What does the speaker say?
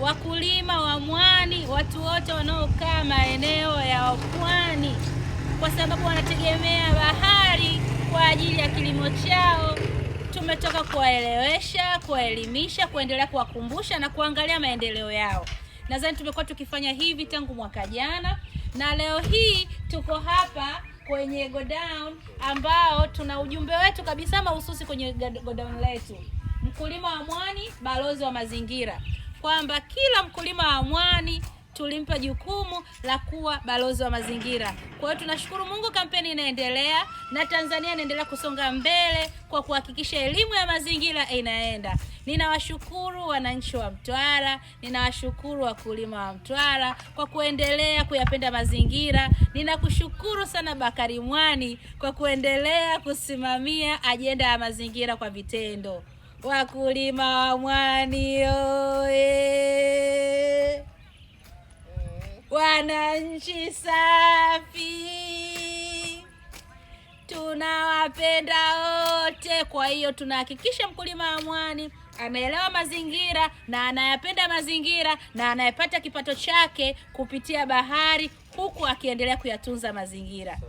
wakulima wa mwani, watu wote wanaokaa maeneo ya pwani, kwa sababu wanategemea bahari kwa ajili ya kilimo chao. Tumetoka kuwaelewesha, kuwaelimisha, kuendelea kuwakumbusha na kuangalia maendeleo yao. Nadhani tumekuwa tukifanya hivi tangu mwaka jana, na leo hii tuko hapa kwenye godown ambao tuna ujumbe wetu kabisa mahususi kwenye godown letu. Mkulima wa mwani, balozi wa mazingira kwamba kila mkulima wa mwani tulimpa jukumu la kuwa balozi wa mazingira. Kwa hiyo tunashukuru Mungu, kampeni inaendelea na Tanzania inaendelea kusonga mbele kwa kuhakikisha elimu ya mazingira inaenda. Ninawashukuru wananchi wa Mtwara, ninawashukuru wakulima wa Mtwara kwa kuendelea kuyapenda mazingira. Ninakushukuru sana Bakari Mwani kwa kuendelea kusimamia ajenda ya mazingira kwa vitendo. Wakulima wa mwani yo oh. Wananchi safi, tunawapenda wote. Kwa hiyo tunahakikisha mkulima wa mwani anaelewa mazingira na anayapenda mazingira na anayepata kipato chake kupitia bahari, huku akiendelea kuyatunza mazingira.